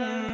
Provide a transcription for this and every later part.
جهنم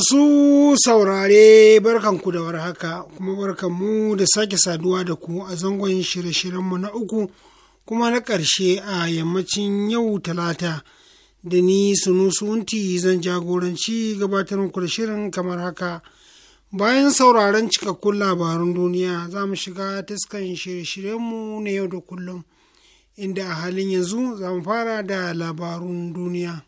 Masu saurare barkanku da warhaka kuma barkanmu da sake saduwa da ku a zangon shirye-shiryenmu na uku kuma na ƙarshe a yammacin yau talata da ni sunti zan jagoranci gabatar muku da shirin kamar haka. Bayan sauraron cikakkun labarun duniya za mu shiga taskan shirye-shiryenmu na yau da kullum inda a halin yanzu za mu fara da labarun duniya.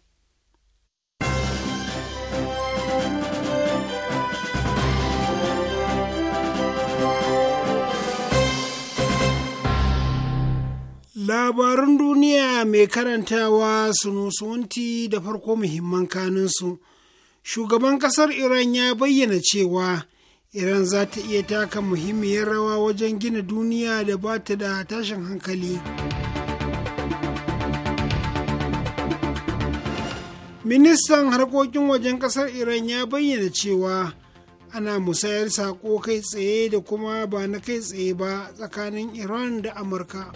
Labarun duniya mai karantawa sunusunti da farko muhimman kanunsu. Shugaban ƙasar Iran ya bayyana cewa Iran za ta iya taka muhimmiyar rawa wajen gina duniya da ba ta da tashin hankali. Ministan harkokin wajen ƙasar Iran ya bayyana cewa ana musayar sako kai tsaye da kuma ba na kai tsaye ba tsakanin Iran da Amurka.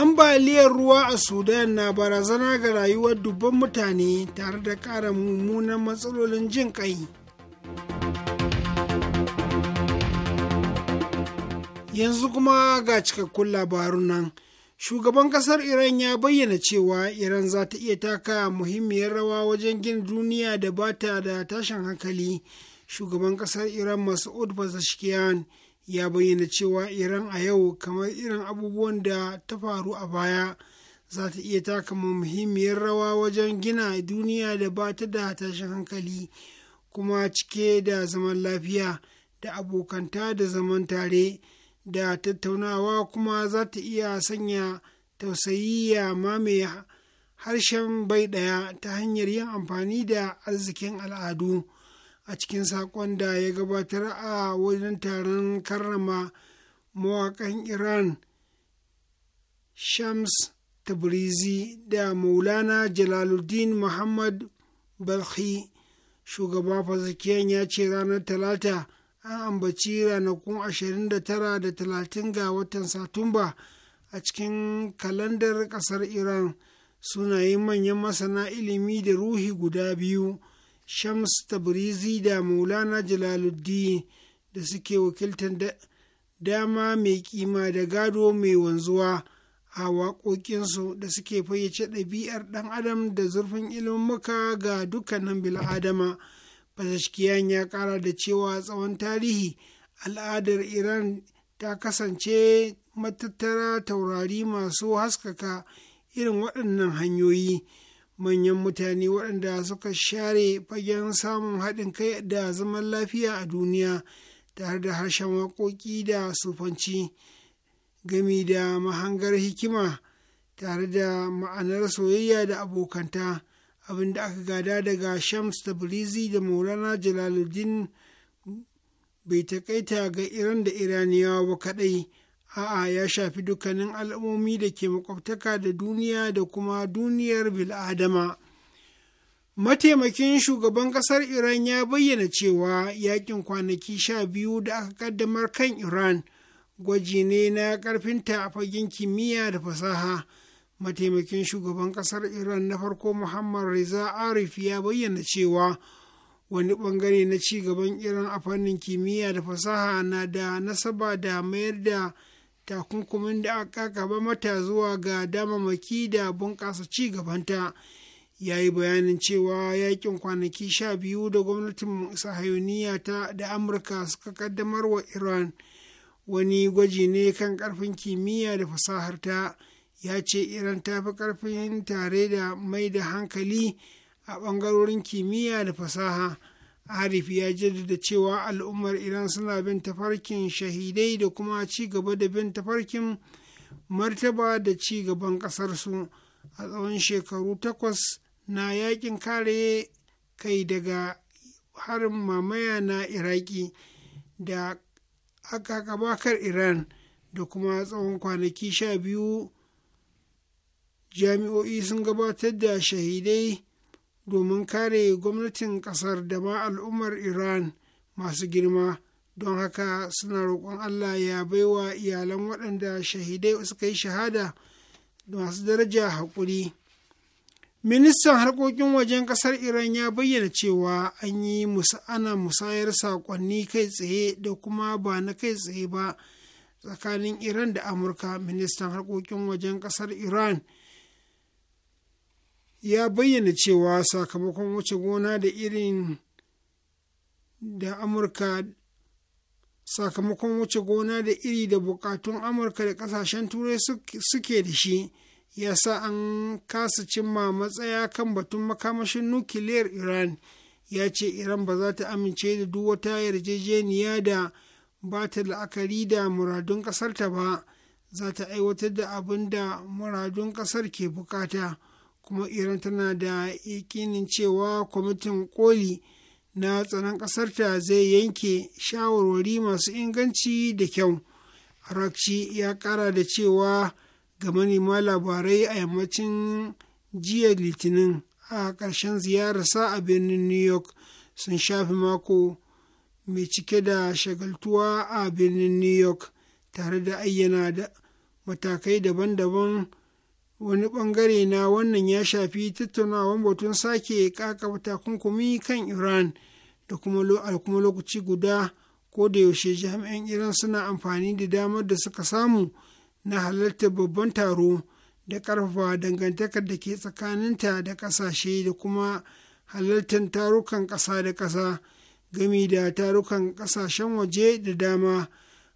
ambaliyar ruwa a sudan na barazana ga rayuwar dubban mutane tare da kara mummunan matsalolin jin kai yanzu kuma ga cikakkun labarun nan shugaban kasar iran ya bayyana cewa iran za ta iya taka muhimmiyar rawa wajen gina duniya da bata da tashin hankali shugaban kasar iran masud pezeshkian ya bayyana cewa iran a yau kamar irin abubuwan da ta faru a baya za ta iya taka muhimmiyar rawa wajen gina duniya da ba ta da tashin hankali kuma cike da zaman lafiya da abokanta da zaman tare da tattaunawa kuma za ta iya sanya tausayi ya mamaye harshen bai ɗaya ta hanyar yin amfani da arzikin al'adu. a cikin saƙon da ya gabatar a wajen taron karrama mawakan iran shams tabrizi da maulana jalaluddin muhammad balhi shugaba fasakiyan ya ce ranar talata an ambaci ranakun 29 da 30 ga watan satumba a cikin kalandar kasar iran sunayen manyan masana ilimi da ruhi guda biyu shams tabrizi da maulana jalaluddin da suke wakiltar dama mai kima da gado mai wanzuwa a waƙoƙinsu da suke fayyace ɗabi'ar ɗan adam da zurfin ilmuka ga dukkanin bil'adama fasashkiyan ya ƙara da cewa tsawon tarihi al'adar iran ta kasance matattara taurari masu haskaka irin waɗannan hanyoyi manyan mutane waɗanda suka share fagen samun haɗin kai da zaman lafiya a duniya tare da harshen waƙoƙi da sufanci gami da mahangar hikima tare da ma'anar soyayya da abokanta abinda aka gada daga shams tabrizi da maulana jalaluddin bai takaita ga iran da iraniyawa ba kaɗai a'a ya shafi dukkanin al'ummomi da ke makwabtaka da duniya da kuma duniyar bil'adama mataimakin shugaban ƙasar iran ya bayyana cewa yakin kwanaki sha biyu da aka kaddamar kan iran gwaji ne na karfinta a fagen kimiyya da fasaha mataimakin shugaban ƙasar iran na farko muhammad reza arif ya bayyana cewa wani bangare na ci gaban iran a fannin kimiyya da fasaha na da nasaba da mayar da takunkumin da aka gaba mata zuwa ga damamaki da bunƙasa ci gabanta ya yi bayanin cewa yakin kwanaki sha biyu da gwamnatin sahayuniya ta da amurka suka kaddamar wa iran wani gwaji ne kan ƙarfin kimiyya da fasaharta ya ce iran ta fi ƙarfin tare da mai da hankali a ɓangarorin kimiyya da fasaha arif ya jaddada cewa al'ummar iran suna bin tafarkin shahidai da kuma ci gaba da bin tafarkin martaba da ci gaban ƙasarsu a tsawon shekaru takwas na yakin kare kai daga harin mamaya na iraki da aka gabakar iran da kuma tsawon kwanaki sha biyu jami'o'i sun gabatar da shahidai domin kare gwamnatin kasar da ma al'ummar iran masu girma don haka suna roƙon allah ya baiwa iyalan waɗanda shahidai suka yi shahada masu daraja haƙuri ministan harkokin wajen ƙasar iran ya bayyana cewa an yi ana musayar saƙonni kai tsaye da kuma ba na kai tsaye ba tsakanin iran da amurka ministan harkokin wajen ƙasar iran ya bayyana cewa sakamakon wuce gona da irin da amurka sakamakon wuce gona da iri da bukatun amurka da kasashen turai suke da shi ya sa an kasa cimma matsaya kan batun makamashin nukiliyar iran ya ce iran ba za ta amince da duk wata yarjejeniya da ba ta la'akari da muradun kasarta ba za ta aiwatar da abin da muradun kasar ke bukata. kuma iran tana da yakinin cewa kwamitin koli na tsaron ƙasarta zai yanke shawarwari masu inganci da kyau rakci ya ƙara da cewa ga manema labarai a yammacin jiya litinin a ƙarshen ziyararsa a birnin new york sun shafi mako mai cike da shagaltuwa a birnin new york tare da ayyana da matakai daban-daban wani bangare na wannan ya shafi tattaunawan batun sake kakaba takunkumi kan iran da kuma lokaci guda ko da yaushe jami'an iran suna amfani da damar da suka samu na halartar babban taro da karfafa dangantakar da ke tsakaninta da kasashe da kuma halartar tarukan ƙasa da ƙasa gami da tarukan ƙasashen waje da dama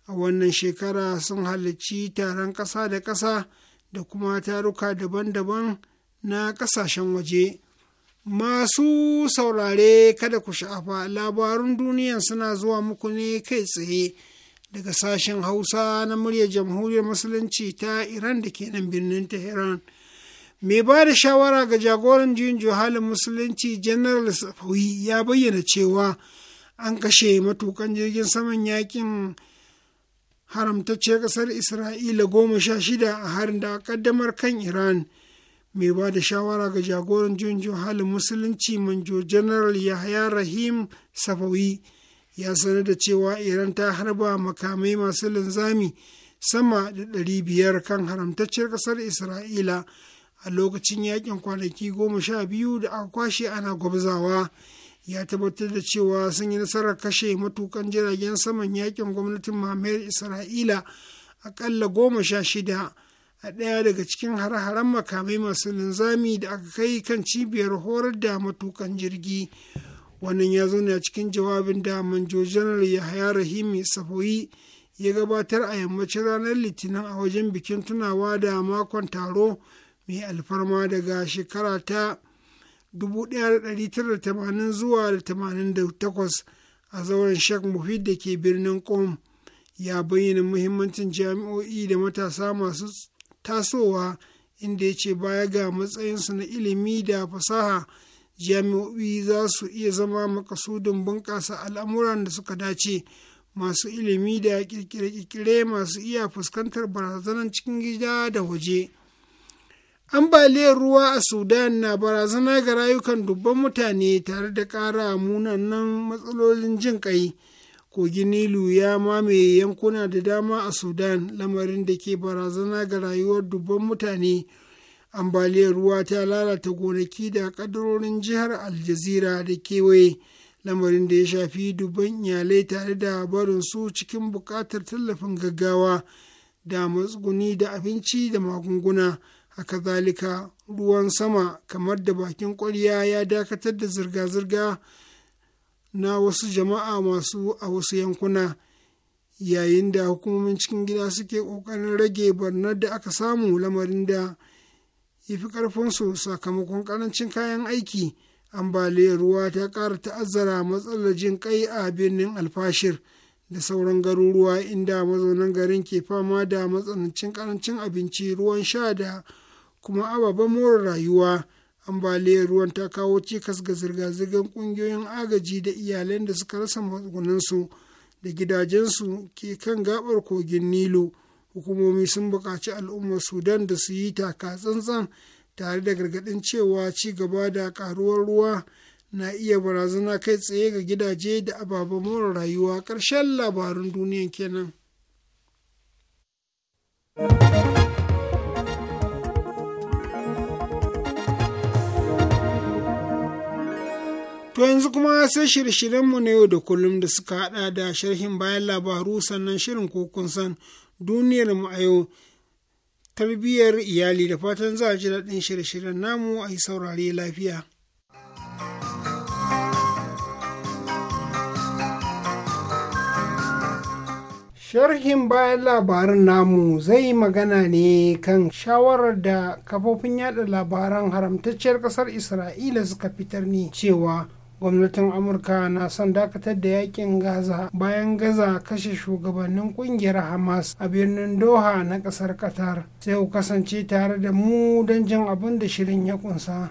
a wannan shekara sun halarci taron ƙasa da ƙasa da kuma taruka daban-daban na ƙasashen waje. Masu saurare kada ku sha'afa labarun duniya suna zuwa muku ne kai tsaye daga sashen Hausa na muryar Jamhuriyar Musulunci ta Iran da ke nan birnin Tehran. Mai ba da shawara ga jagoran juyin juhalin Musulunci General Safawi ya bayyana cewa an kashe matukan jirgin saman yakin haramtacciyar ƙasar isra'ila goma sha shida a harin da ƙaddamar kan iran mai ba da shawara ga jagoran junjo halin musulunci manjo general yahya rahim safawi ya sanar da cewa iran ta harba makamai masu linzami sama da ɗari biyar kan haramtacciyar ƙasar isra'ila a lokacin yakin kwanaki goma sha biyu da aka kwashe ana gwabzawa. ya tabbatar da cewa sun yi nasarar kashe matukan jiragen saman yakin gwamnatin mamayar isra'ila akalla goma sha shida a ɗaya daga cikin hare-haren makamai masu linzami da aka kai kan cibiyar horar da matukan jirgi wannan ya zo a cikin jawabin da manjo janar yahaya rahimi safoyi ya gabatar a yammacin ranar litinin a wajen bikin tunawa da makon taro mai alfarma daga shekara ta 1980 zuwa 88 a zauren Sheikh Mufid da ke birnin Qom ya bayyana muhimmancin jami'o'i da matasa masu tasowa inda ya ce baya ga matsayinsu na ilimi da fasaha jami'o'i za su iya zama makasudin bunƙasa al'amuran da suka dace masu ilimi da kirkire-kirkire masu iya fuskantar barazanar cikin gida da waje. ambaliyar ruwa a sudan na barazana ga rayukan dubban mutane tare da ƙara munanan matsalolin jin ƙai kogin nilu ya mamaye yankuna da dama a sudan lamarin da ke barazana ga rayuwar dubban mutane ambaliyar ruwa ta lalata gonaki da kadarorin jihar aljazira da kewaye lamarin da ya shafi dubban iyalai tare da barin su cikin buƙatar tallafin gaggawa da matsuguni da abinci da magunguna haka zalika ruwan sama kamar da bakin kwarya ya dakatar da zirga-zirga na wasu jama'a masu a wasu yankuna yayin da hukumomin cikin gida suke kokarin rage barnar da aka samu lamarin da ya fi ƙarfinsu sakamakon ƙarancin kayan aiki ambaliyar ruwa ta ƙara ta'azzara matsalar jin kai a birnin alfashir da sauran garuruwa inda mazaunan garin ke fama da matsanancin ƙarancin abinci ruwan sha da kuma ababen more rayuwa ambaliyar ruwan ta kawo cikas ga zirga-zirgar ƙungiyoyin agaji da iyalan da suka rasa matsugunansu da gidajensu ke kan gabar kogin nilo hukumomi sun buƙaci al'ummar sudan da su yi taka tsantsan tare da gargaɗin cewa ci gaba da ƙaruwar ruwa na iya barazana kai tsaye ga gidaje da ababen more rayuwa ƙarshen labarin Duniya kenan. To yanzu kuma sai shirye-shiryenmu na yau da kullum da suka hada da sharhin bayan labaru sannan shirin kokun san duniyar mu a yau tarbiyyar iyali da fatan za a ji daɗin shirye-shiryen namu a yi saurare lafiya. Sharhin bayan labarin namu zai magana ne kan shawarar da kafofin yada labaran haramtacciyar ƙasar Isra'ila suka fitar ne cewa gwamnatin amurka na son dakatar da yakin gaza bayan gaza kashe shugabannin kungiyar hamas a birnin doha na kasar qatar sai ku kasance tare da mu don jin abin da shirin ya kunsa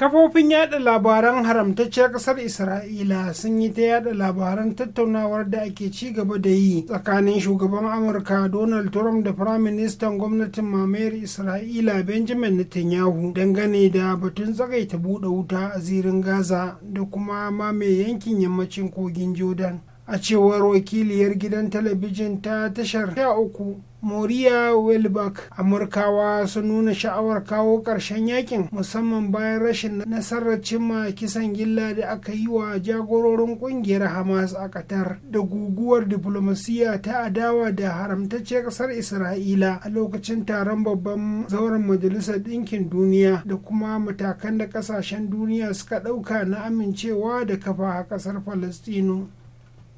kafofin yada labaran haramtacciyar ƙasar isra'ila sun yi ta yada labaran tattaunawar da ake ci gaba da yi tsakanin shugaban amurka donald trump da firaministan gwamnatin mamayar isra'ila benjamin netanyahu dangane da batun tsagaita buɗe wuta a zirin gaza da kuma mamaye yankin yammacin kogin jordan a cewar wakiliyar gidan talabijin ta tashar sha uku moriya wilbuck amurkawa sun nuna sha'awar kawo ƙarshen yakin musamman bayan rashin nasarar cimma kisan gilla da aka yi wa jagororin ƙungiyar hamas a qatar da guguwar diplomasiya ta adawa da haramtacce ƙasar isra'ila a lokacin taron babban zauren majalisar ɗinkin duniya da kuma matakan da ƙasashen duniya suka ɗauka na amincewa da kafa a ƙasar falastinu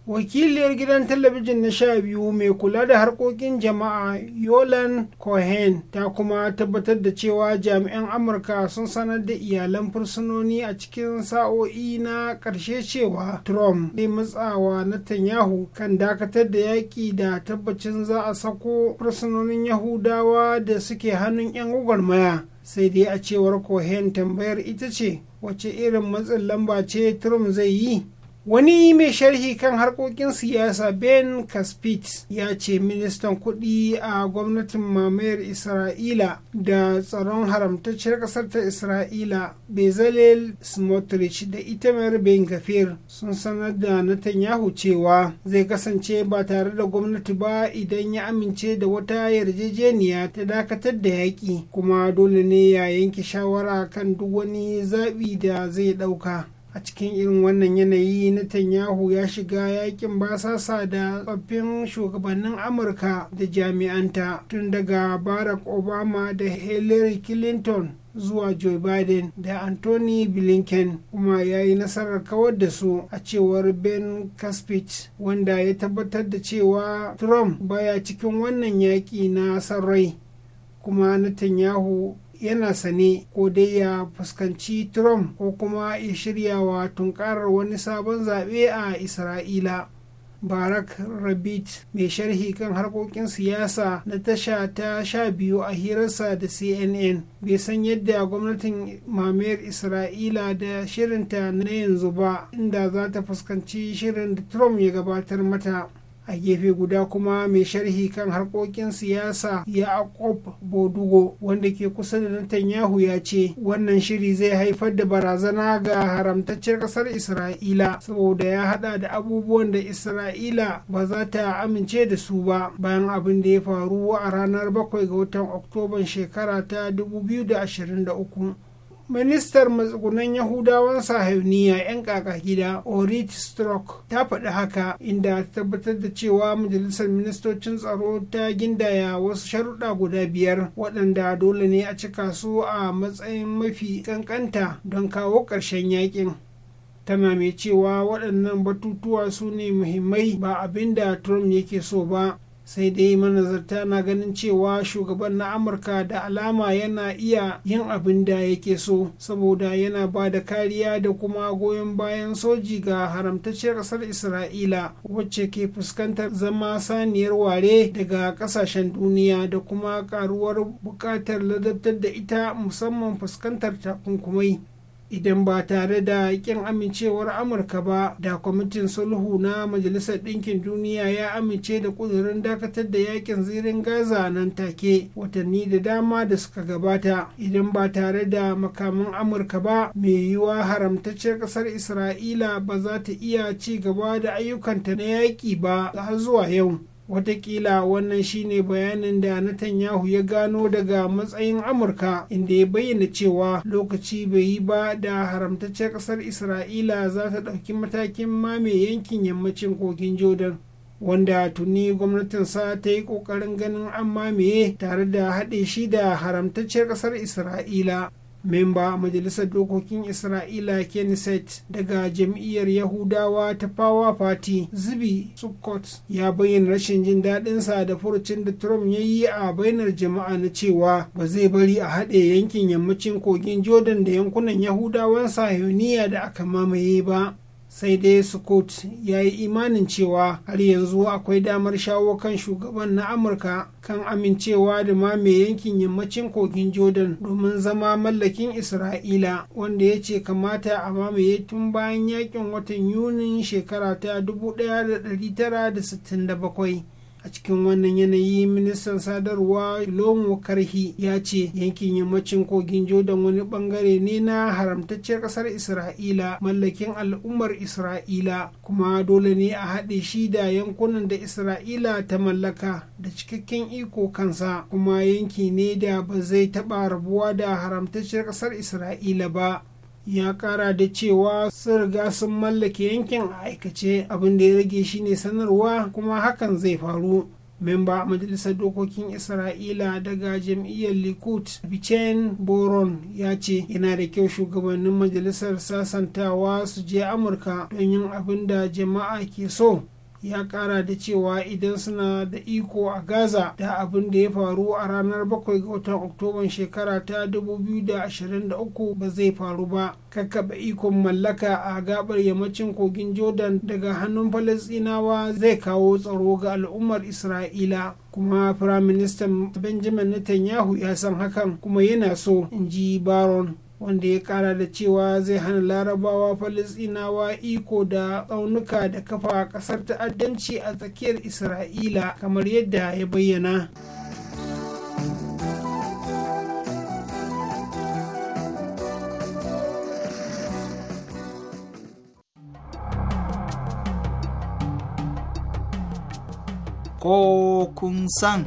wakiliyar gidan talabijin na sha biyu mai kula da harkokin jama'a yolan cohen ta kuma tabbatar da cewa jami'an amurka sun sanar da iyalan fursunoni a cikin sa'o'i na ƙarshe cewa trump zai matsawa na 'Tanyahu' kan dakatar da yaƙi da tabbacin za a sako fursunonin yahudawa da suke hannun 'yan gwagwarmaya sai dai a cewar cohen tambayar ita ce wace irin matsin lamba ce trump zai yi wani mai sharhi kan harkokin siyasa ben kaspit ya ce ministan kuɗi a gwamnatin mamayar isra'ila da tsaron haramtacciyar ƙasar ta isra'ila bezalel smotrich da itamar ben gafir sun sanar da netanyahu cewa zai kasance ba tare da gwamnati ba idan ya amince da wata yarjejeniya ta dakatar da yaƙi kuma dole ne ya yanke shawara kan duk wani zaɓi da zai ɗauka a cikin irin wannan yanayi Netanyahu ya shiga yakin basasa da tsoffin shugabannin amurka da jami'anta tun daga barack obama da hillary clinton zuwa joe biden da anthony blinken kuma ya yi nasarar kawar da su a cewar ben caspit wanda ya tabbatar da cewa trump baya cikin wannan yaƙi na sarrai kuma netanyahu yana sane ko dai ya fuskanci trump ko kuma ya shirya wa tunkarar wani sabon zaɓe a isra'ila barak rabit mai sharhi kan harkokin siyasa na tasha ta sha biyu a hirarsa da cnn bai san yadda gwamnatin mamayar isra'ila da shirinta na yanzu ba inda za ta fuskanci shirin da trump ya gabatar mata a gefe guda kuma mai sharhi kan harkokin siyasa ya akop bodugo wanda ke kusa da netanyahu ya ce wannan shiri zai haifar da barazana ga haramtaccen kasar isra'ila saboda ya hada da abubuwan da isra'ila ba za ta amince da su ba bayan abin da ya faru a ranar bakwai ga watan oktoban shekara ta 2023 ministar matsugunan yahudawan Sahauniya 'yan kaka gida orit Strok ta faɗi haka inda ta tabbatar da cewa majalisar ministocin tsaro ta gindaya wasu sharuɗa guda biyar waɗanda dole ne a cika su a matsayin mafi ƙanƙanta don kawo ƙarshen yakin tana mai cewa waɗannan batutuwa su ne muhimmai ba abin da trump yake so ba sai dai manazarta na ganin cewa shugaban na amurka da alama yana iya yin abin da yake so saboda yana ba da kariya da kuma goyon bayan soji ga haramtacciyar ƙasar isra'ila wacce ke fuskantar zama saniyar ware daga ƙasashen duniya da kuma karuwar buƙatar ladabtar da ita musamman fuskantar takunkumai idan ba tare da kin amincewar amurka ba da kwamitin sulhu na majalisar ɗinkin duniya ya amince da ƙudurin dakatar da yakin zirin gaza nan take watanni da dama da suka gabata idan ba tare da makamin amurka ba mai yiwuwa haramtacciyar ƙasar isra'ila ba za ta iya ci gaba da ayyukanta na yaƙi ba har zuwa yau watakila wannan shine bayanin da Netanyahu ya gano daga matsayin amurka inda ya bayyana cewa lokaci bai yi ba da haramtaccen ƙasar isra'ila za ta ɗauki matakin mame yankin yammacin kogin jordan wanda tuni gwamnatinsa ta yi ƙoƙarin ganin an mamaye tare da haɗe shi da haramtacciyar ƙasar isra'ila memba majalisar dokokin isra'ila kenneth daga jam'iyyar yahudawa ta power party zibi sukkot ya bayyana rashin jin daɗinsa da furucin da trump ya yi a bainar jama'a na cewa ba zai bari a haɗe yankin yammacin kogin jordan da yankunan yahudawan sahiyoniya da aka mamaye ba sai dai scott ya yi imanin cewa har yanzu akwai damar shawo kan shugaban na amurka kan amincewa da mame yankin yammacin kogin jordan domin zama mallakin isra'ila wanda ya ce kamata a mamaye tun bayan yakin watan yunin shekara ta 1967 a cikin wannan yanayi ministan sadarwa lomo karhi ya ce yankin yammacin kogin jordan wani bangare ne na haramtacciyar kasar isra'ila mallakin al'ummar isra'ila kuma dole ne a haɗe shi da yankunan da isra'ila ta mallaka da cikakken iko kansa kuma yanki ne da ba zai taɓa rabuwa da haramtacciyar kasar isra'ila ba ya kara da cewa sun riga sun mallake yankin a aikace abin da ya rage shine sanarwa kuma hakan zai faru memba majalisar dokokin isra'ila daga jam'iyyar likud bichen boron ya ce yana da kyau shugabannin majalisar sasantawa su je amurka don yin abin da jama'a ke so ya kara da cewa idan suna da iko a gaza da abin da ya faru a ranar 7 ga watan oktoban shekara ta 2023 ba zai faru ba kakkaɓe ikon mallaka a gabar yammacin kogin jordan daga hannun falasinawa zai kawo tsaro ga al'ummar isra'ila kuma firaministan benjamin netanyahu ya san hakan kuma yana so in ji baron wanda ya kara da cewa zai hana larabawa falisinawa iko da tsaunuka da kafa kasar ta'addanci a tsakiyar isra'ila kamar yadda ya bayyana ko kun san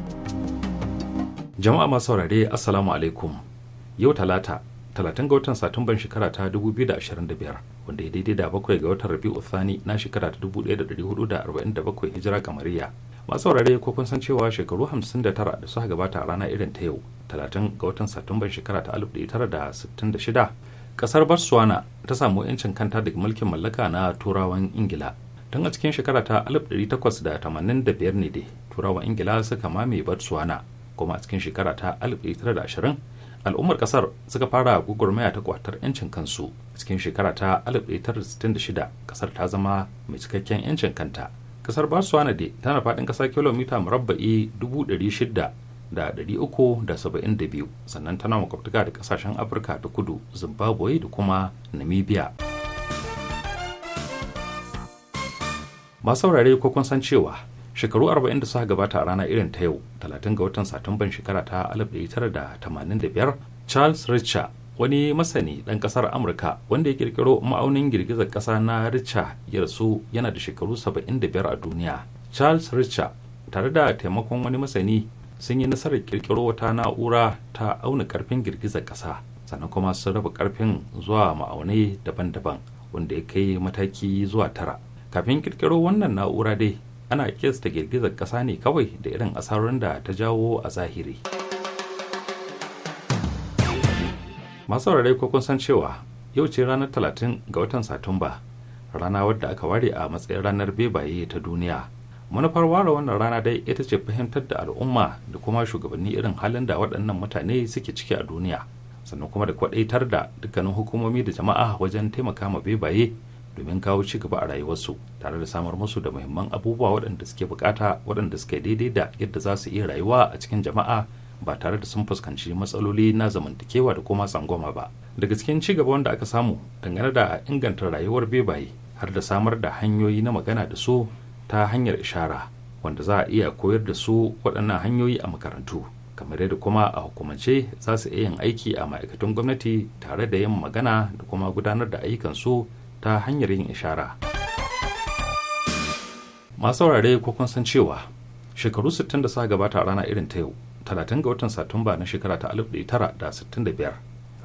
jama'a masu saurare assalamu alaikum yau talata 30 ga watan satumban shekara ta 2025 wanda ya daidai da bakwai ga watan rabi'u thani na shekara ta 1447 hijira kamariya masu wurare ko kun san cewa shekaru 59 da suka gabata a rana irin ta yau 30 ga watan satumban shekara ta 1966 kasar botswana ta samu 'yancin kanta daga mulkin mallaka na turawan ingila tun a cikin shekara ta 1885 ne dai turawan ingila suka mame botswana kuma a cikin shekara ta 1920 al'ummar kasar suka fara gugurmaya ta kwatar 'yancin kansu cikin shekara ta 1966 kasar ta zama mai cikakken 'yancin kanta kasar barcelona de tana faɗin ƙasa kilomita murabba'i 600,372 sannan tana makwabtaka da kasashen afirka da kudu zimbabwe da kuma namibia masu saurare ko kun san cewa shekaru 40 da suka gabata a rana irin ta yau 30 ga watan satumban shekara ta 1985 charles richa wani masani ɗan ƙasar amurka wanda ya kirkiro ma'aunin girgizar ƙasa na richa ya rasu yana da shekaru 75 a duniya charles richa tare da taimakon wani masani sun yi nasarar ƙirƙiro wata na'ura ta auna karfin girgizar ƙasa sannan kuma sun raba karfin zuwa ma'aunai daban-daban wanda ya kai mataki zuwa tara kafin ƙirƙiro wannan na'ura dai ana kesta girgizar ƙasa ne kawai da irin asarorin da ta jawo a zahiri masu rarrai kun san cewa yau ce ranar 30 ga watan satumba rana wadda aka ware a matsayin ranar bebaye ta duniya manufar ware wannan rana dai ita ce fahimtar da al'umma da kuma shugabanni irin halin da waɗannan mutane suke ciki a duniya sannan kuma da kwaɗaitar da dukkanin hukumomi da jama'a wajen taimaka ma bebaye domin kawo ci gaba a rayuwarsu tare da samar musu da muhimman abubuwa waɗanda suke bukata waɗanda suke daidai da yadda za su iya rayuwa a cikin jama'a ba tare da sun fuskanci matsaloli na zamantakewa da kuma tsangwama ba daga cikin ci gaba wanda aka samu dangane da inganta rayuwar bebaye har da samar da hanyoyi na magana da su ta hanyar ishara wanda za a iya koyar da su waɗannan hanyoyi a makarantu kamar yadda kuma a hukumance za su iya yin aiki a ma'aikatan gwamnati tare da yin magana da kuma gudanar da ayyukan su. ta hanyar yin ishara masu saurare ko kun san cewa shekaru 60 da suka gabata a rana irin ta yau 30 ga watan satumba na shekara ta 1965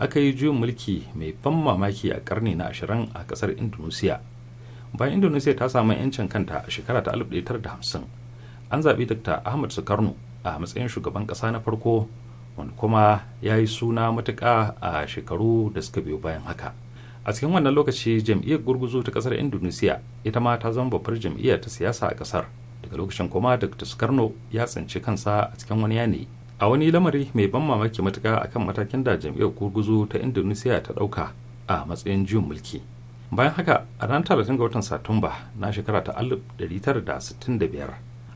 aka yi juyin mulki mai ban mamaki a karni na 20 a kasar indonesia bayan indonesia ta samu 'yancin kanta a shekara ta 1950 an zaɓi dr ahmad sukarno a matsayin shugaban ƙasa na farko wanda kuma ya yi suna matuƙa a shekaru da suka biyo bayan haka a cikin wannan lokaci jam'iyyar gurguzu ta kasar indonesia ita ma ta zama babbar jam'iyya ta siyasa a kasar daga lokacin kuma dr sukarno ya tsinci kansa a cikin wani yani. a wani lamari mai ban mamaki matuka akan matakin da jam'iyyar gurguzu ta indonesia ta dauka a matsayin juyin mulki bayan haka a ranar talatin ga watan satumba na shekara ta 1965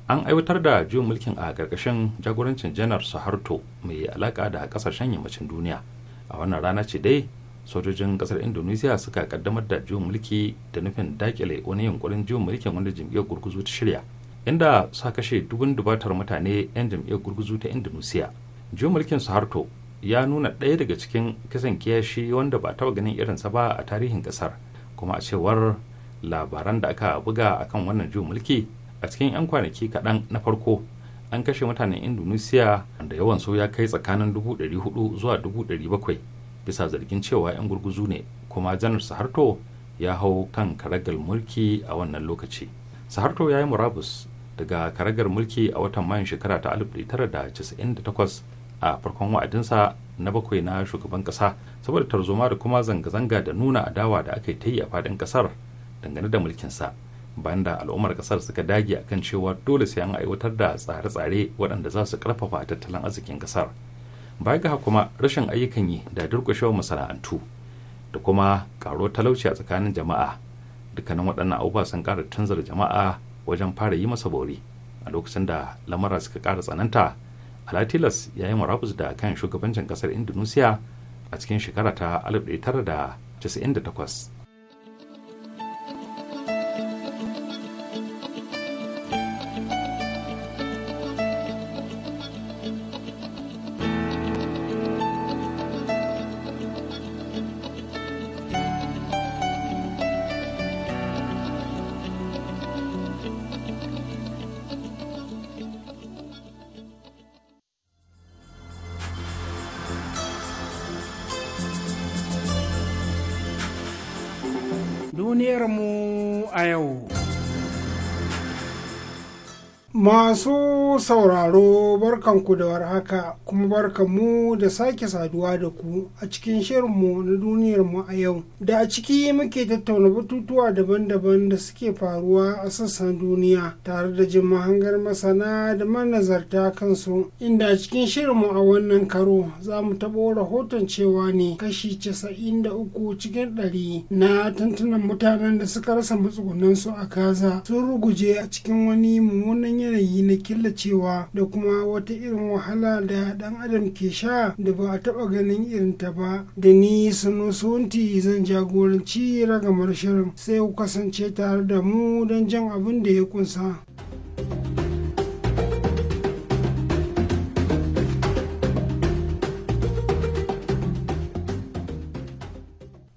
an aiwatar da juyin mulkin a ƙarƙashin jagorancin janar suharto mai alaƙa da ƙasashen yammacin duniya a wannan rana ce dai sojojin kasar indonesia suka kaddamar da juyin mulki da nufin dakile wani yunkurin juyin mulkin wanda jam'iyyar gurguzu ta shirya inda sa kashe dubun dubatar mutane 'yan jam'iyyar gurguzu ta indonesia juyin mulkin suharto ya nuna ɗaya daga cikin kisan kiyashi wanda ba taɓa ganin irinsa ba a tarihin ƙasar kuma a cewar labaran da aka buga akan wannan juyin mulki a cikin 'yan kwanaki kaɗan na farko an kashe mutanen indonesia da yawan su ya kai tsakanin 400 zuwa 700 bisa zargin cewa 'yan gurguzu ne kuma janar saharto ya hau kan karagar mulki a wannan lokaci saharto ya yi murabus daga karagar mulki a watan mayan shekara ta 1998 a farkon wa'adinsa na bakwai na shugaban kasa saboda tarzoma da kuma zanga-zanga da nuna adawa da aka yi ta yi a fadin kasar dangane da mulkinsa bayan da al'ummar kasar suka dage a kan cewa dole sai an aiwatar da tsare-tsare waɗanda za su karfafa tattalin arzikin kasar baya ga kuma rashin ayyukan yi da durƙushewar masana'antu da kuma karo talauci a tsakanin jama'a dukkanin waɗannan abubuwa sun ƙara tunzar jama'a wajen fara yi masa bori a lokacin da lamura suka ƙara tsananta alatilas ya yi murabus da kan shugabancin ƙasar indonesia a cikin shekara ta 1998马苏。Ku sauraro barkanku da warhaka kuma barkanmu da sake saduwa da ku a cikin shirinmu na duniyarmu a yau da a ciki muke tattauna batutuwa daban-daban da suke faruwa a sassan duniya tare da jin mahangar masana da manazarta kansu inda a cikin shirinmu a wannan karo za mu taɓo rahoton cewa ne kashi casa'in da uku cikin ɗari na tantunan mutanen da suka rasa matsugunansu a kaza. sun ruguje a cikin wani mummunan yanayi na killace cewa da kuma wata irin wahala da dan adam ke sha da ba a taba ganin irin ta ba da ni sanu sunti zan jagoranci ragamar shirin sai ku kasance tare da mu don jan abin da ya kunsa.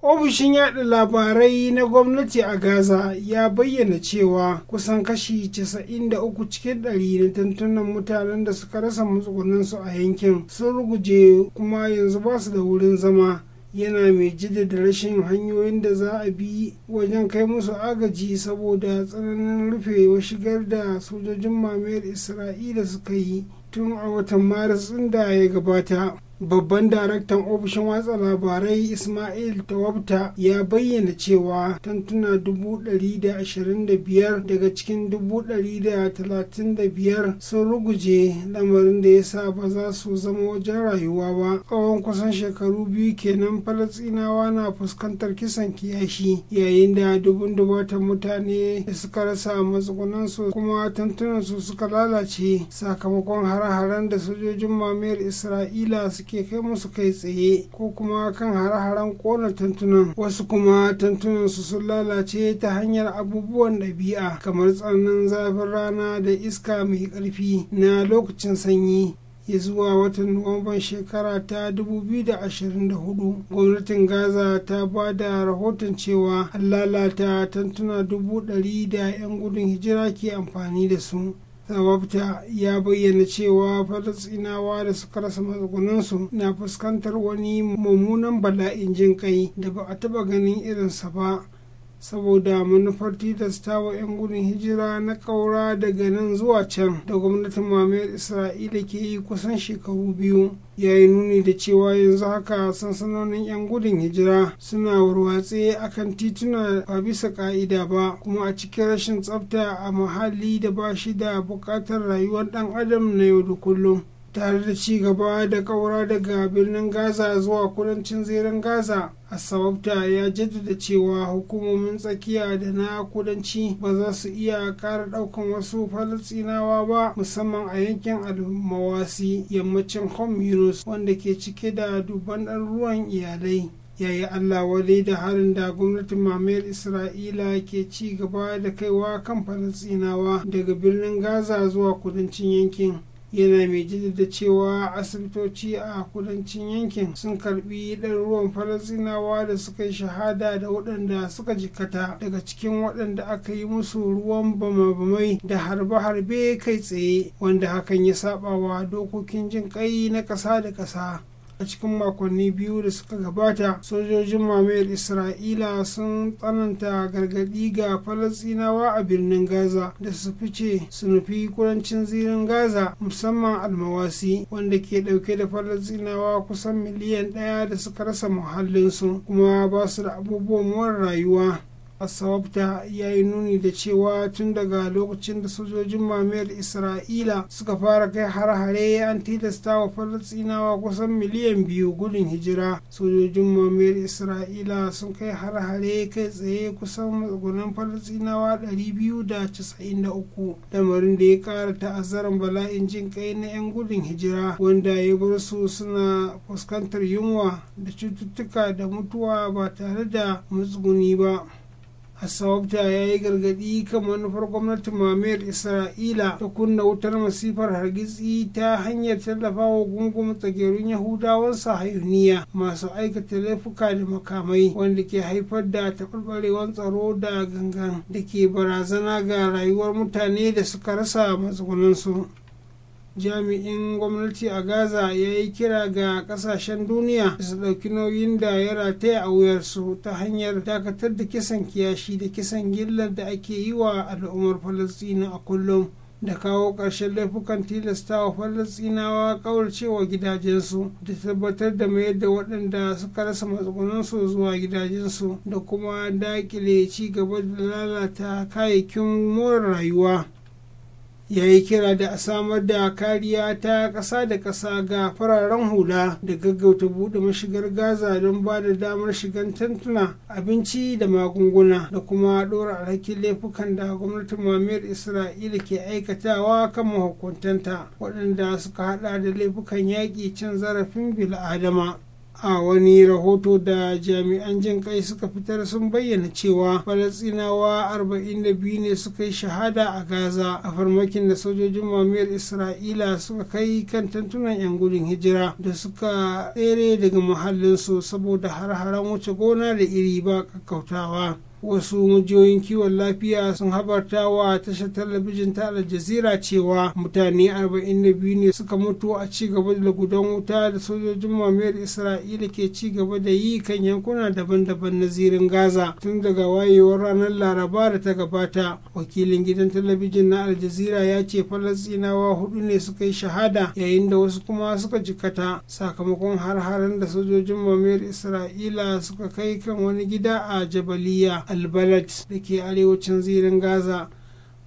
ofishin yaɗa labarai na gwamnati a gaza ya bayyana cewa kusan kashi 93 cikin ɗari na tantunan mutanen da suka rasa matsugunansu a yankin sun ruguje kuma yanzu ba su da wurin zama yana mai da rashin hanyoyin da za a bi wajen kai musu agaji saboda tsananin rufe shigar da sojojin mamayar isra'ila suka yi tun a watan maris ɗin da ya gabata babban daraktan ofishin watsa labarai ismail tawabta ya bayyana cewa tantuna 125 daga cikin 135 sun ruguje lamarin da ya sa ba za su zama wajen rayuwa ba tsawon kusan shekaru biyu kenan falasinawa na fuskantar kisan kiyashi yayin da dubun dubatan mutane da suka rasa matsugunan su kuma tantunansu suka lalace sakamakon har haren da sojojin mamayar isra'ila suke suke kai musu kai tsaye ko kuma kan hare-haren kona tantunan wasu kuma tantunan su sun lalace ta hanyar abubuwan ɗabi'a kamar tsananin zafin rana da iska mai ƙarfi na lokacin sanyi ya zuwa watan nuwamban shekara ta 2024 gwamnatin gaza ta ba da rahoton cewa an lalata tantuna dubu ɗari da 'yan gudun hijira ke amfani da su Zawabta ya bayyana cewa Falasɗinawa da suka rasa matsugunansu na fuskantar wani mummunan bala'in jin kai da ba a taɓa ganin irinsa ba. saboda manufar tilasta wa 'yan gudun hijira na ƙaura daga nan zuwa can da gwamnatin mamayar isra'ila ke yi kusan shekaru biyu ya yi nuni da cewa yanzu haka sansanonin 'yan gudun hijira suna warwatse akan tituna ba bisa ka'ida ba kuma a cikin rashin tsafta a muhalli da ba shi da buƙatar rayuwar ɗan adam na yau da kullum tare da ci gaba da ƙaura daga birnin gaza zuwa kudancin zirin gaza a sababta ya jaddada cewa hukumomin tsakiya da na kudanci ba za su iya kara ɗaukan wasu falastinawa ba musamman a yankin almawasi yammacin home wanda ke cike da dubban ruwan iyalai yayi Allah wadai da harin da gwamnatin mamayar Isra'ila ke ci gaba da kaiwa kan falasinawa daga birnin Gaza zuwa kudancin yankin yana mai jaddada cewa asibitoci a kudancin yankin sun karbi ruwan falasinawa da suka yi shahada da waɗanda suka jikata daga cikin waɗanda aka yi musu ruwan bama-bamai da harbe-harbe kai tsaye wanda hakan ya saɓawa dokokin jin ƙai na ƙasa da ƙasa a cikin makonni biyu da suka gabata sojojin mamayar isra'ila sun tsananta gargaɗi ga falasinawa a birnin gaza da su fice su nufi kudancin zirin gaza musamman almawasi wanda ke ɗauke da falasinawa kusan miliyan ɗaya da suka rasa muhallinsu kuma ba su da abubuwan rayuwa asawabta ya yi nuni da cewa tun daga lokacin da sojojin mamayar isra'ila suka fara kai har-hare an tilasta wa falastinawa kusan miliyan biyu gudun hijira sojojin mamayar isra'ila sun kai har-hare kai tsaye kusan matsugunan falastinawa 293 lamarin da ya kara ta'azzaran bala'in jin kai na 'yan gudun hijira wanda ya bar su suna fuskantar yunwa da cututtuka da mutuwa ba tare da matsuguni ba sababta ya yi gargaɗi kan manufar gwamnatin mamayar isra'ila ta kunna wutar masifar hargitsi ta hanyar tallafa wa gungun tsagerun yahudawan sahayuniya masu aikata laifuka da makamai wanda ke haifar da taɓarɓarewar tsaro da gangan da ke barazana ga rayuwar mutane da suka rasa su. jami'in gwamnati a gaza ya yi kira ga kasashen duniya su ɗauki nauyin da ya rataya a wuyarsu ta hanyar dakatar da kisan kiyashi da kisan gillar da ake yi wa al'ummar falastinu a kullum da kawo ƙarshen laifukan tilasta wa falastinawa kauracewa gidajensu da tabbatar da mayar da waɗanda suka rasa matsugunansu zuwa gidajensu da kuma daƙile ci gaba da lalata kayayyakin more rayuwa ya yi kira da a samar da kariya ta ƙasa da ƙasa ga fararen hula da gaggauta buɗe mashigar gaza don ba da damar shigan tantuna abinci da magunguna da kuma ɗora alhakin laifukan da gwamnatin mamiyar isra'ila ke aikatawa kan mahukuntanta waɗanda suka haɗa da laifukan yaƙi cin zarafin bil'adama a wani rahoto da jami'an jin kai suka fitar sun bayyana cewa falasinawa 42 ne suka yi shahada a gaza a farmakin da sojojin mamiyar isra'ila suka kai kan tantunan 'yan gudun hijira da suka tsere daga muhallinsu saboda har-haren wuce gona da iri ba kakkautawa wasu majiyoyin kiwon lafiya sun habarta wa tashar talabijin ta aljazira cewa mutane 42 ne suka mutu a cigaba da gudan wuta da sojojin mamayar isra'ila ke ci gaba da yi kan yankuna daban-daban na zirin gaza tun daga wayewar ranar laraba da ta gabata wakilin gidan talabijin na aljazira ya ce falastinawa hudu ne suka yi shahada yayin da wasu kuma suka jikata sakamakon har-haren da sojojin mamayar isra'ila suka kai kan wani gida a jabaliya albalat da ke arewacin zirin gaza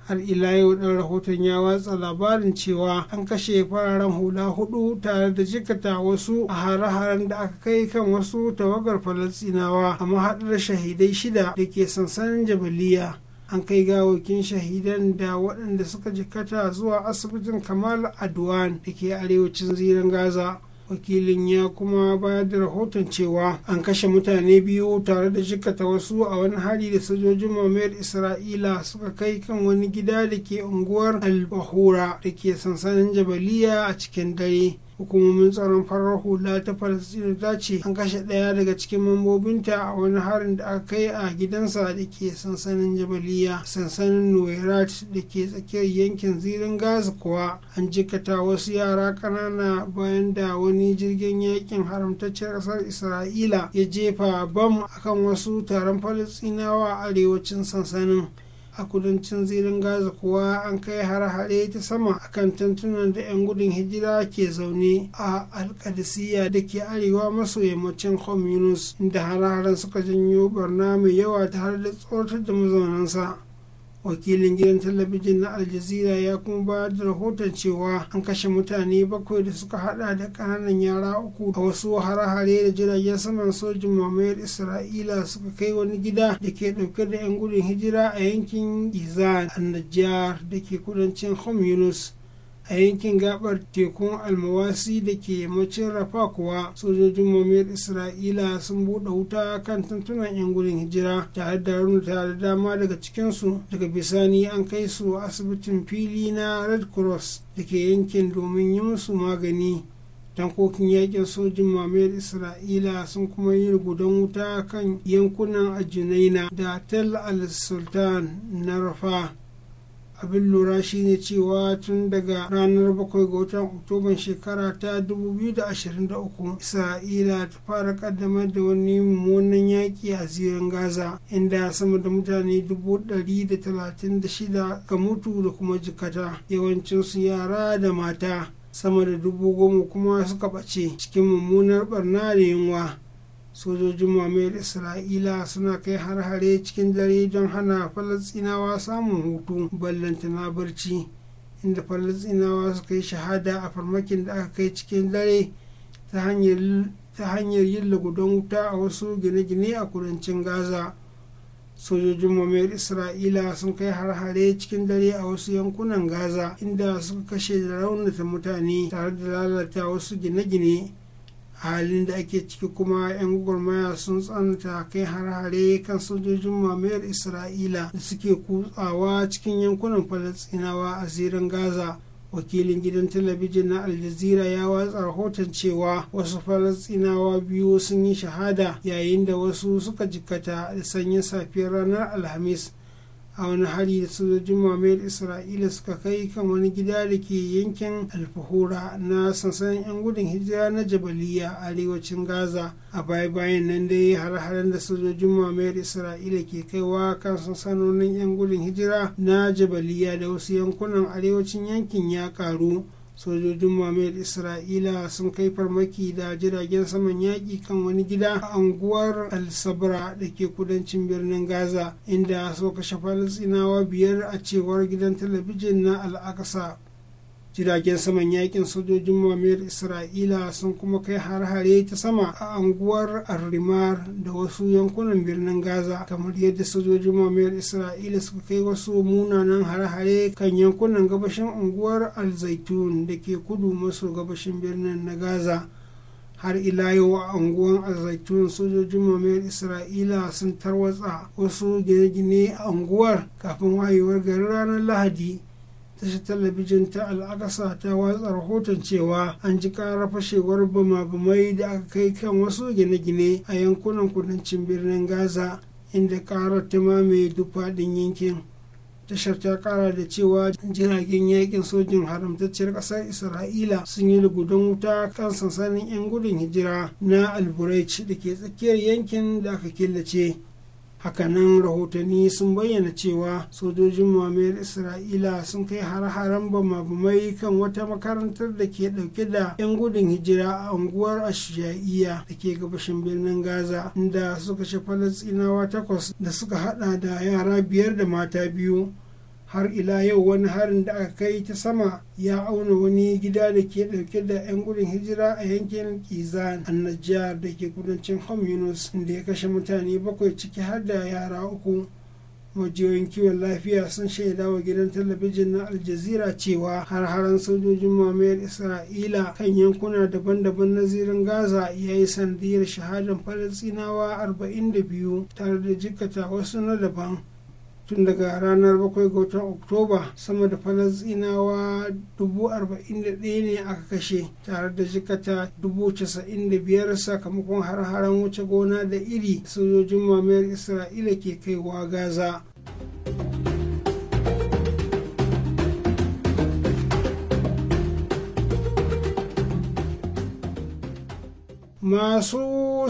har ila yau ɗan rahoton ya watsa labarin cewa an kashe fararen hula hudu tare da jikata wasu a hare-haren da aka kai kan wasu tawagar falastinawa a mahaɗar shahidai shida da ke sansanin jabaliya an kai gawokin shahidan da waɗanda suka jikata zuwa asibitin kamal adwan da ke arewacin zirin gaza wakilin ya kuma bayar da rahoton cewa an kashe mutane biyu tare da jikata wasu a wani hari da sojojin mamayar isra'ila suka kai kan wani gida da ke unguwar al-bahura da ke sansanin jabaliya a cikin dare hukumomin tsaron farar hula ta palestina ta ce an kashe ɗaya daga cikin mambobinta a wani harin da aka kai a gidansa da ke sansanin jabaliya sansanin nuwairat da ke tsakiyar yankin zirin gaza kuwa an jikata wasu yara ƙanana bayan da wani jirgin yakin haramtaccen ƙasar isra'ila ya jefa bam akan wasu taron palestinawa a arewacin sansanin a kudancin zirin gaza kuwa an kai hare-hare ta sama akan tantunan da 'yan gudun hijira ke zaune a alkadisiya da ke arewa maso yammacin Homs Yunus da hare-haren suka janyo barna mai yawa ta har da tsoratar da mazaunansa wakilin gidan talabijin na aljazira ya kuma bayar da rahoton cewa an kashe mutane bakwai da suka hada da kananan yara uku a wasu hare-hare da jiragen saman sojin mamayar isra'ila suka kai wani gida da ke dauke da 'yan gudun hijira a yankin izan annajiyar da ke kudancin home yunus a yankin gabar tekun almawasi da ke yammacin rafa kuwa sojojin mamayar isra'ila sun buɗe wuta kan tantunan 'yan gudun hijira tare da raunuta da dama daga cikinsu daga bisani an kai su asibitin fili na red cross da ke yankin domin yi musu magani tankokin yakin sojin mamayar isra'ila sun kuma yi rigudan wuta kan yankunan ajunaina da tel al-sultan na rafa abin lura shine cewa tun daga ranar 7 ga watan oktoban shekara ta 2023 isra'ila ta fara kaddamar da wani mummunan yaƙi a zirin gaza inda sama da mutane 136 ka mutu da kuma jikata yawancinsu yara da mata sama da dubu goma kuma suka ɓace cikin mummunar barna da yunwa sojojin mamayar isra'ila suna kai har-hare cikin dare don hana falastinawa samun hutu ballantana barci inda falastinawa suka yi shahada a farmakin da aka kai cikin dare ta hanyar yin lagudan wuta a wasu gine-gine a kudancin gaza sojojin mamayar isra'ila sun kai har-hare cikin dare a wasu yankunan gaza inda suka kashe da raunata mutane tare da lalata wasu gine-gine halin da ake ciki kuma 'yan gwagwarmaya sun tsananta kai har-hare kan sojojin mamayar isra'ila da suke kutsawa cikin yankunan falastinawa a zirin gaza wakilin gidan talabijin na aljazira ya watsa rahoton cewa wasu falastinawa biyu sun yi shahada yayin da wasu suka jikkata da sanyin safiyar ranar alhamis a wani hari da sojojin mamayar isra'ila suka kai kan wani gida da ke yankin alfahura na sansanin 'yan gudun hijira na jabaliya arewacin gaza a baya bayan nan dai har-haren da sojojin mamayar isra'ila ke kaiwa kan sansanonin 'yan gudun hijira na jabaliya da wasu yankunan arewacin yankin ya karu sojojin mamayar isra'ila sun kai farmaki da jiragen saman yaƙi kan wani gida a anguwar al-sabra da ke kudancin birnin gaza inda suka kashe falasinawa biyar a cewar gidan talabijin na al-aqsa jiragen saman yakin sojojin mamayar isra'ila sun kuma kai har-hare ta sama a anguwar arrimar da wasu yankunan birnin gaza kamar yadda sojojin mamayar isra'ila suka kai wasu munanan har-hare kan yankunan gabashin unguwar alzaitun da ke kudu maso gabashin birnin na gaza har ila yau a unguwan alzaitun sojojin mamayar isra'ila sun tarwatsa wasu gine-gine a unguwar kafin wayewar garin ranar lahadi tashar talabijin ta al'akasa ta watsa rahoton cewa an ji ƙara fashewar bama-bamai da aka kai kan wasu gine-gine a yankunan kudancin birnin gaza inda ƙarar ta mamaye duk faɗin yankin tashar ta kara da cewa jiragen yakin sojin haramtacciyar ƙasar isra'ila sun yi gudun wuta kan sansanin 'yan gudun hijira na alburaic da ke tsakiyar yankin da aka killace hakanan rahotanni sun bayyana cewa sojojin mamayar isra'ila sun kai har-haren bama-bamai kan wata makarantar da ke dauke da 'yan gudun hijira a unguwar ashiyaiya da ke gabashin birnin gaza inda suka shafa falastinawa takwas da suka hada da yara biyar da mata biyu har ila yau wani harin da aka kai ta sama ya auna wani gida da ke dauke da 'yan gudun hijira a yankin kizan a najjar da ke kudancin home yunus inda ya kashe mutane bakwai ciki har da yara uku majiyoyin kiwon lafiya sun shaida wa gidan talabijin na aljazira cewa har-haren sojojin mamayar isra'ila kan yankuna daban-daban na zirin gaza ya yi sandiyar shahadar falastinawa 42 tare da jikkata wasu na daban tun daga ranar 7 ga watan oktoba sama da falasinawa 41,000 ne aka kashe tare da jikata 95,000 sakamakon har-haren wuce gona da iri sojojin mamayar isra'ila ke kaiwa gaza masu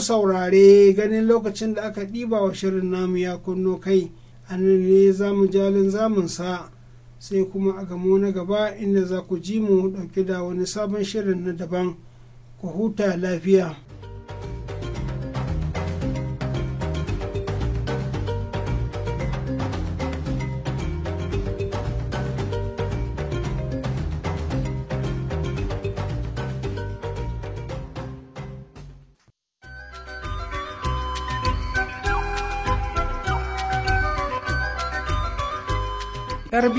saurare ganin lokacin da aka ɗiba wa shirin namu ya kunno kai a ne za mu jalin zamunsa sai kuma a gamo na gaba inda za ku ji mu dauke da wani sabon shirin na daban ku huta lafiya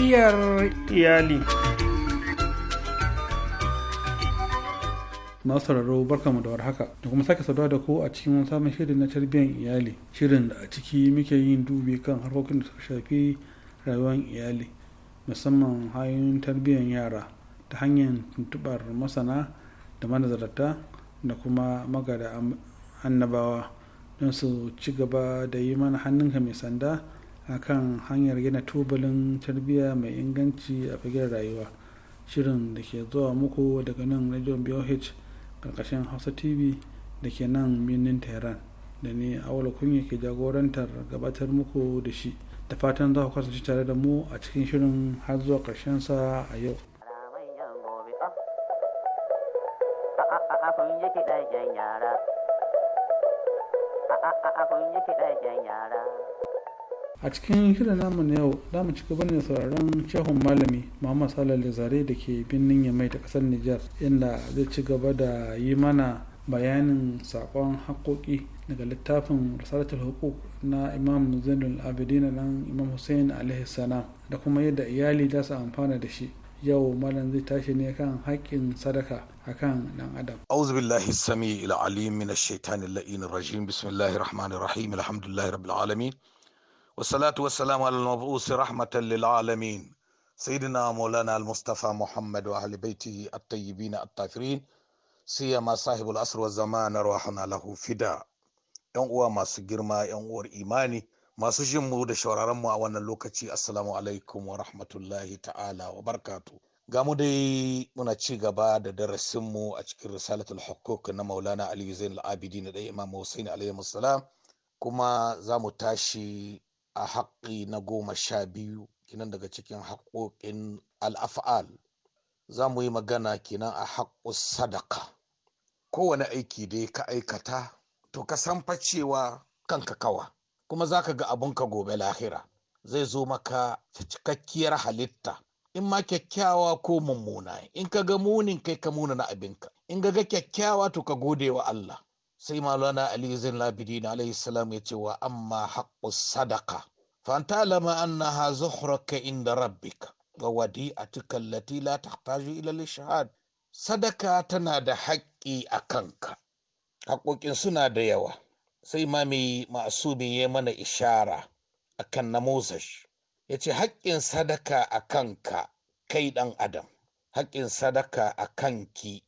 tarbiyyar iyali masu sauraro barkamu da haka da kuma sake saduwa da ku a cikin wani samun shirin na tarbiyyar iyali shirin da a ciki muke yin dubi kan harkokin da suka shafi rayuwar iyali musamman hanyoyin tarbiyyar yara ta hanyar tuntubar masana da manazarta da kuma magada annabawa don su ci gaba da yi mana hannunka mai sanda kan hanyar gina tubalin tarbiyya mai inganci a fagen rayuwa shirin da ke zuwa muku daga nan radio BOH karkashin hausa tv da ke nan minin tehran da ne awala kunya ke jagorantar gabatar muku da shi da fatan za ku kasance tare da mu a cikin shirin har zuwa karshen sa a yau yara a cikin shirin namu na yau za mu ci gaba ne sauraron shehun malami muhammad da zare da ke birnin yamai ta kasar nijar inda zai ci gaba da yi mana bayanin sakon haƙoƙi daga littafin rasarar hukuk na imam zainul abidina nan imam hussein alaihi da kuma yadda iyali za su amfana da shi yau malam zai tashi ne kan haƙƙin sadaka a kan dan adam auzu billahi sami al-alim min ash rajim bismillahir rahmanir rahim alhamdulillahi rabbil alamin والصلاة والسلام على المبعوث رحمة للعالمين سيدنا مولانا المصطفى محمد وأهل بيته الطيبين الطاهرين سيما صاحب الأسر والزمان روحنا له فداء ‘yan uwa masu girma ‘yan uwar imani masu jin mu da shawararren mu a wannan lokaci assalamu alaikum wa rahmatullahi ta'ala wa barkatu ga mu dai muna ci gaba da darasin mu a cikin risalatul hukuk na maulana ali zain al-abidin da imam husaini alaihi kuma za mu tashi a haƙƙi na goma sha biyu kinan daga cikin haƙoƙin al'af'al za mu yi magana kinan a haƙƙus sadaka kowane aiki dai ka aikata to ka san cewa kanka kawa kuma za ka ga ka gobe lahira zai zo maka cikakkiyar halitta in ma kyakkyawa ko mummuna in ka ga munin kai ka munana abinka in ga ga kyakkyawa to ka gode wa Allah sai malana ali zin labidin alayhi salam ya ce wa amma haƙƙo sadaka fantalama annaha zukhraka inda rabbika wa wadi'atuka allati la tahtaju ila al sadaka tana da haƙƙi a kanka haƙoƙin suna da yawa sai ma mai masu ya mana ishara a kan na Moses ya ce haƙƙin sadaka a kanka kai ɗan adam haƙƙin sadaka a kanki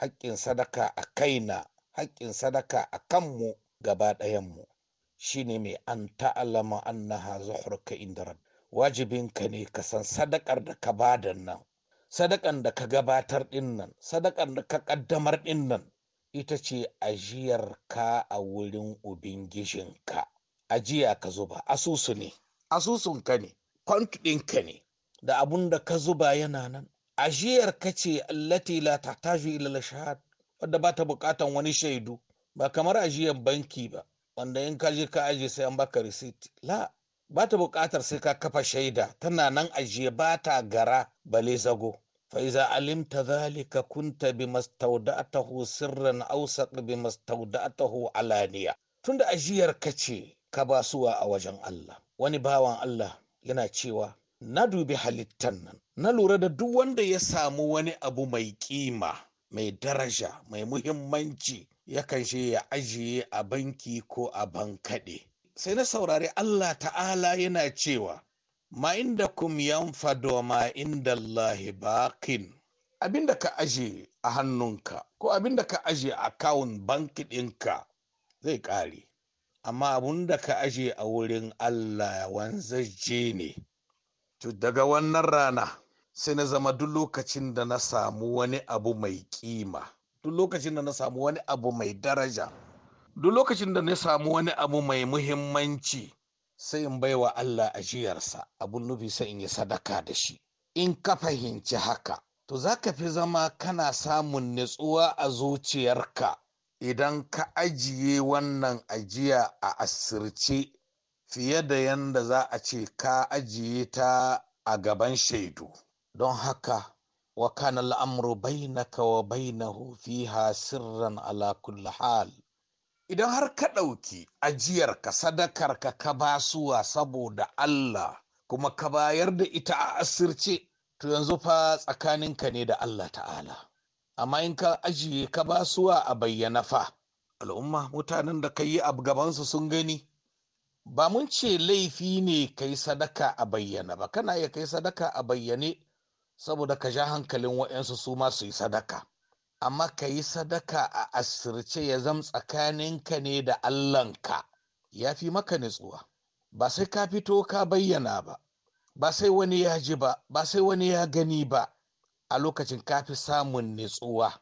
haƙƙin sadaka a kaina haƙƙin sadaka a kanmu gaba ɗayanmu shine mai an ta'alama annaha harka inda Wajibin wajibinka ne ka san sadakar da ka ba da nan sadakan da ka gabatar ɗin nan sadakan da ka ƙaddamar ɗin nan ita ce ajiyarka a wurin ubangijinka ajiya ka zuba asusu ne Asusun ka ne kwant ɗinka ne da abun da ka zuba yana nan ajiyar ka ce allati la tahtaju ila shahad wadda ba ta bukatan wani shaidu ba kamar ajiyar banki ba wanda in ka je ka ajiye sai an baka receipt la ba ta bukatar sai ka kafa shaida tana nan ajiye ba ta gara bale zago فإذا علمت ذلك كنت بما استودعته سرا أوثق بما استودعته Alaniya. tunda ajiyar ka ce ka basuwa a wajen Allah wani bawan Allah yana cewa na dubi halittan nan na lura da duk wanda ya samu wani abu mai kima mai daraja mai muhimmanci yakan shi ya ajiye a banki ko a bankaɗe sai na saurari allah ta'ala yana cewa ma inda kum yanfado ma inda allahi bakin abinda ka aje a hannunka ko abinda ka aje a kawun banki ɗinka zai ƙare amma abunda ka aje a wurin allah wanzaje ne to daga wannan rana sai na zama duk lokacin da na samu wani abu mai kima duk lokacin da na samu wani abu mai daraja duk lokacin da na samu wani abu mai muhimmanci sai in baiwa Allah ajiyarsa abun nufi sai in yi sadaka da shi in ka fahimci haka to za ka fi zama kana samun nutsuwa a zuciyarka idan ka ajiye wannan ajiya a asirce fiye da yanda za a ce ka ajiye ta a gaban shaidu. don haka wa kana al'amru bainaka wa bai fiha sirran ala kulli hal idan har ka ɗauki ajiyarka sadakarka ka basuwa saboda Allah kuma ka bayar da ita a asirce to yanzu fa tsakaninka ne da Allah ta'ala amma in ka ajiye ka basuwa a bayyana fa al'umma mutanen da ka yi a gabansu sun gani ba mun ce laifi ne kai sadaka a bayyana ba kana iya kai sadaka a bayyane saboda ka ja hankalin waɗansu su ma su yi sadaka amma ka yi sadaka a asirce ya zam tsakaninka ne da allahnka ya fi maka nutsuwa ba sai ka fito ka bayyana ba ba sai wani ya ji ba ba sai wani ya gani ba a lokacin ka fi samun nutsuwa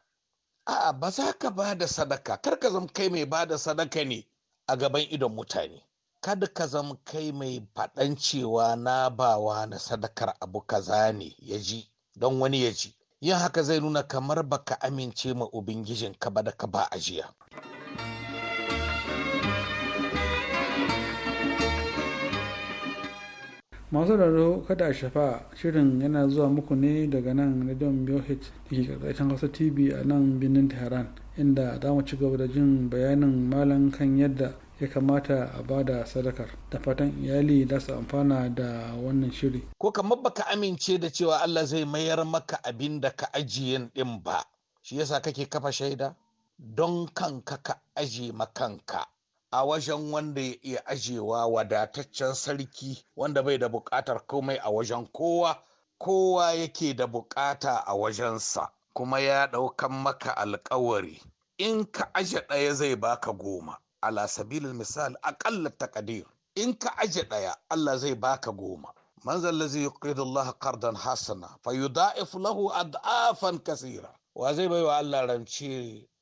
a'a ba za ka ba da sadaka kar ka zama kai mai ba da sadaka ne a gaban idon mutane kada ka zama kai mai faɗan cewa na bawa na sadakar abu kaza ne ya ji don wani ya ji yin haka zai nuna kamar baka amince ma ka ba da ka ba ajiya. masu raro kada a shafa shirin yana zuwa muku ne daga nan radion bioh da ke karkashin hausa tv a nan birnin tehran inda za mu ci gaba da jin bayanin malam kan yadda ya kamata a bada da sadakar da fatan iyali da su amfana da wannan shiri ko kamar baka amince da cewa Allah zai mayar maka abin da ka ajiye din ba shi yasa kake kafa shaida don kanka ka aje makanka a wajen wanda ya iya ajewa wadataccen sarki wanda bai da buƙatar komai a wajen kowa kowa yake da buƙata a wajensa kuma ya ɗaukan maka alkawari in ka aje ɗaya zai baka goma ala sabilin misal aqalla takadir. in ka aje ɗaya Allah zai baka goma man zai yuqridu Allah qardan hasana fa yudha'if lahu ad'afan kasira wa zai baiwa Allah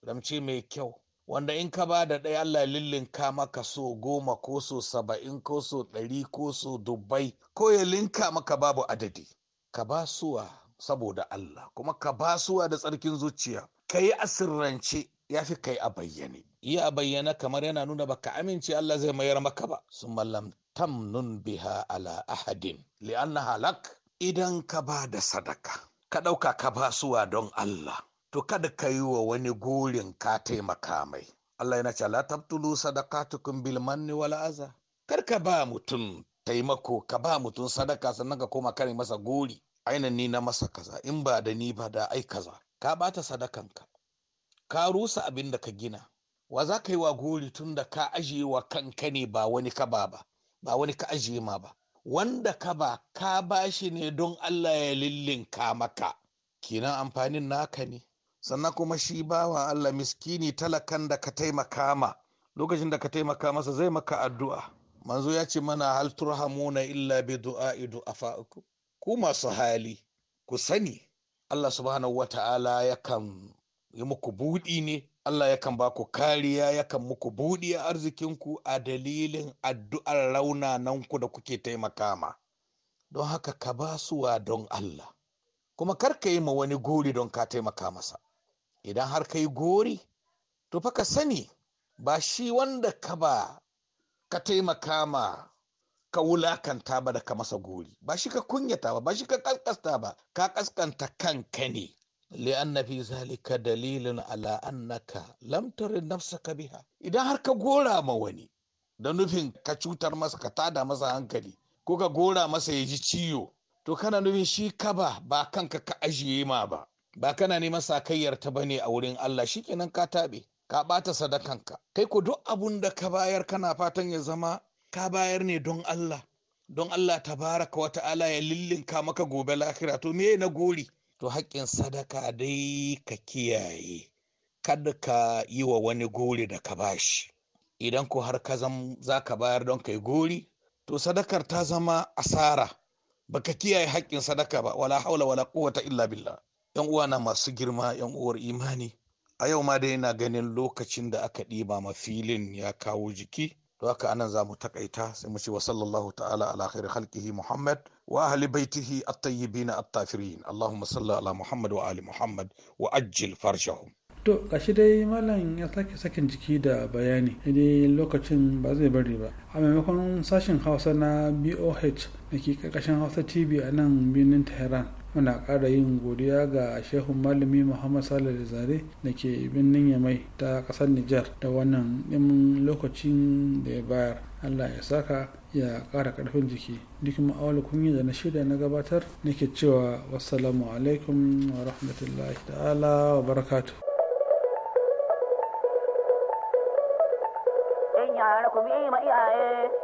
ramci mai kyau wanda in ka ba da ɗaya Allah lillinka maka so goma ko so saba'in ko so ɗari ko so dubbai ko ya linka maka babu adadi ka ba suwa saboda Allah kuma ka ba suwa da tsarkin zuciya ka yi asirrance ya fi kai a bayyane yi a bayyana kamar yana nuna baka amince Allah zai mayar maka ba sun mallam nun biha ala ahadin na halak idan ka ba da sadaka ka ɗauka ka ba suwa don Allah to kada ka yi wa wani gurin ka taimaka mai Allah yana ce la tabtulu sadaqatukum bil manni wal aza kar ka ba mutum taimako ka ba mutum sadaka sannan ka koma kare masa gori Ainihin ni na masa kaza in ba da ni ba da ai kaza ka bata sadakanka ka rusa abin da ka gina wa za ka yi wa gori tun da ka ajiye wa kanka ne ba wani ka ba ba ba wani ka ajiye ma ba wanda ka ba ka ba shi ne don Allah ya lillinka maka kenan amfanin naka ne sannan kuma shi bawa Allah miskini talakan da ka taimaka ma lokacin da ka taimaka masa zai maka addu'a manzo ya ce mana hal turhamuna illa bi du'a'i du'afa'ukum ku masu hali ku sani Allah subhanahu wata'ala yakan Yi muku buɗi ne Allah yakan ba ku kariya yakan muku buɗi a arzikinku a dalilin addu'ar raunananku da kuke taimakama. don haka ka ba basuwa don Allah kuma kar ka yi ma wani gori don ka taimaka masa idan har ka yi gori to fa ka sani ba shi wanda ka ba ka taimaka ma ka wulakanta ba da ka masa gori ba shi ka kunyata ba ba shi ka kaskasta ba ka kaskanta kanka ne li'anna fi zalika dalilin ala annaka lam ka nafsaka biha idan har ka gora ma wani da nufin ka cutar masa ka tada masa hankali ko ka gora masa ya ji ciwo to kana nufin shi ka ba ba kanka ka ajiye ma ba ba kana neman sakayyar ta bane a wurin Allah shikenan ka tabe ka bata sadakanka kai ko duk abun da ka bayar kana fatan ya zama ka bayar ne don Allah don Allah tabaraka wa ta'ala ya lillinka maka gobe lahira to me na gori to haƙƙin sadaka dai ka kiyaye kada ka yi wa wani gori da ka bashi idan ko har ka zama za ka bayar don kai gori to sadakar ta zama asara baka kiyaye haƙƙin sadaka ba wala haula wala quwwata illa billah yan uwana masu girma yan uwar imani a yau ma dai na ganin lokacin da aka ɗiba ma filin ya kawo jiki to haka anan za mu takaita sai mu ce wa sallallahu ta'ala ala khairi khalqihi muhammad wa ahli baitihi at-tayyibin at-tafirin allahumma salli ala muhammad wa ali muhammad wa ajil farjahum to gashi dai malam ya sake sakin jiki da bayani dai lokacin ba zai bari ba a maimakon sashin hausa na boh da ke karkashin hausa tv a nan birnin tehran muna ƙara yin godiya ga shehun malami muhammad salih da zare da ke birnin yamai ta ƙasar nijar da wannan ɗimin lokacin da ya bayar allah ya saka ya kara karfin jiki duk kun yi da na shirya na gabatar nake cewa wassalamu alaikum wa rahmatullahi ta'ala wa barakatu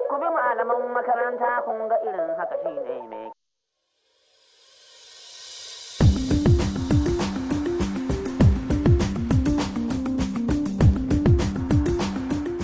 ku malaman makaranta kun irin haka shi ne